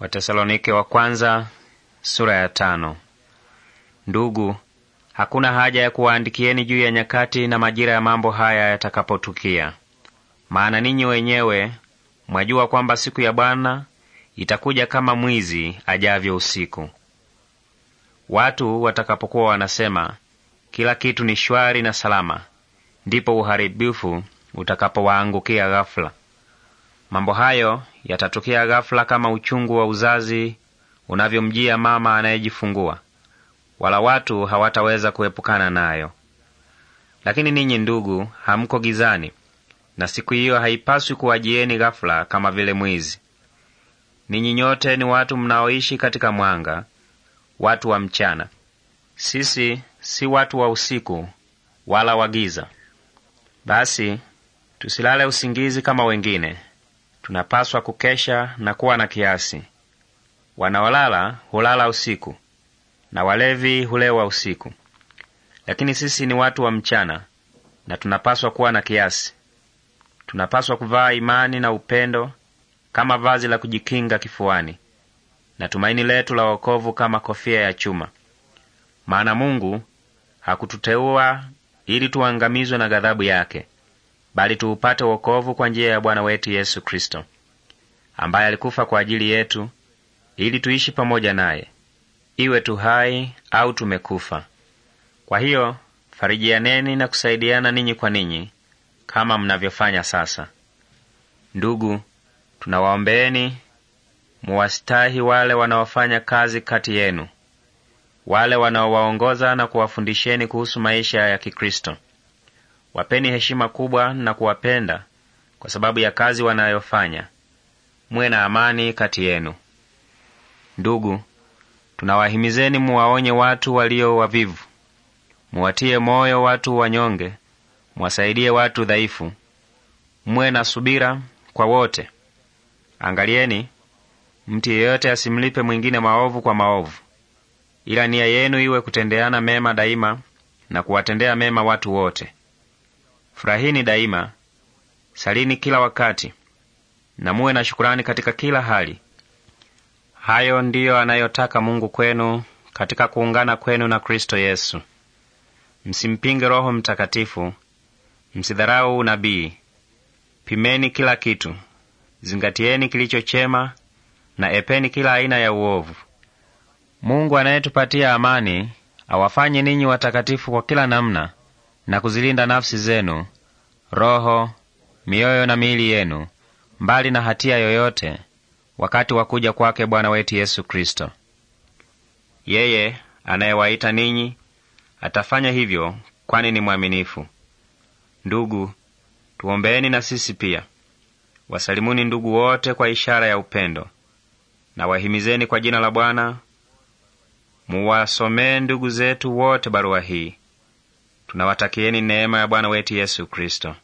Watesalonike wa kwanza, sura ya tano. Ndugu, hakuna haja ya kuwaandikieni juu ya nyakati na majira ya mambo haya yatakapotukia, maana ninyi wenyewe mwajua kwamba siku ya Bwana itakuja kama mwizi ajavyo usiku. Watu watakapokuwa wanasema kila kitu ni shwari na salama, ndipo uharibifu utakapowaangukia ghafula Mambo hayo yatatokea ghafula kama uchungu wa uzazi unavyomjia mama anayejifungua, wala watu hawataweza kuepukana nayo. Lakini ninyi ndugu, hamko gizani, na siku hiyo haipaswi kuwajieni ghafula kama vile mwizi. Ninyi nyote ni watu mnaoishi katika mwanga, watu wa mchana. Sisi si watu wa usiku wala wa giza. Basi tusilale usingizi kama wengine tunapaswa kukesha na kuwa na kiasi. Wanaolala hulala usiku na walevi hulewa usiku, lakini sisi ni watu wa mchana na tunapaswa kuwa na kiasi. Tunapaswa kuvaa imani na upendo kama vazi la kujikinga kifuani na tumaini letu la wokovu kama kofia ya chuma. Maana Mungu hakututeua ili tuangamizwe na ghadhabu yake, bali tuupate wokovu kwa njia ya Bwana wetu Yesu Kristo, ambaye alikufa kwa ajili yetu ili tuishi pamoja naye, iwe tu hai au tumekufa. Kwa hiyo farijianeni na kusaidiana ninyi kwa ninyi kama mnavyofanya sasa. Ndugu, tunawaombeeni muwastahi wale wanaofanya kazi kati yenu, wale wanaowaongoza na kuwafundisheni kuhusu maisha ya Kikristo. Wapeni heshima kubwa na kuwapenda kwa sababu ya kazi wanayofanya. Muwe na amani kati yenu. Ndugu, tunawahimizeni muwaonye watu walio wavivu, muwatie moyo watu wanyonge, muwasaidie watu dhaifu, muwe na subira kwa wote. Angalieni mtu yeyote asimlipe mwingine maovu kwa maovu, ila nia yenu iwe kutendeana mema daima na kuwatendea mema watu wote. Furahini daima, salini kila wakati, na muwe na shukurani katika kila hali. Hayo ndiyo anayotaka Mungu kwenu katika kuungana kwenu na Kristo Yesu. Msimpinge Roho Mtakatifu, msidharau unabii. Pimeni kila kitu, zingatieni kilicho chema, na epeni kila aina ya uovu. Mungu anayetupatia amani awafanye ninyi watakatifu kwa kila namna na kuzilinda nafsi zenu, roho, mioyo na miili yenu, mbali na hatia yoyote, wakati wa kuja kwake Bwana wetu Yesu Kristo. Yeye anayewaita ninyi atafanya hivyo, kwani ni mwaminifu. Ndugu, tuombeeni na sisi pia. Wasalimuni ndugu wote kwa ishara ya upendo, na wahimizeni kwa jina la Bwana. Muwasomee ndugu zetu wote barua hii tunawatakieni neema ya Bwana wetu Yesu Kristo.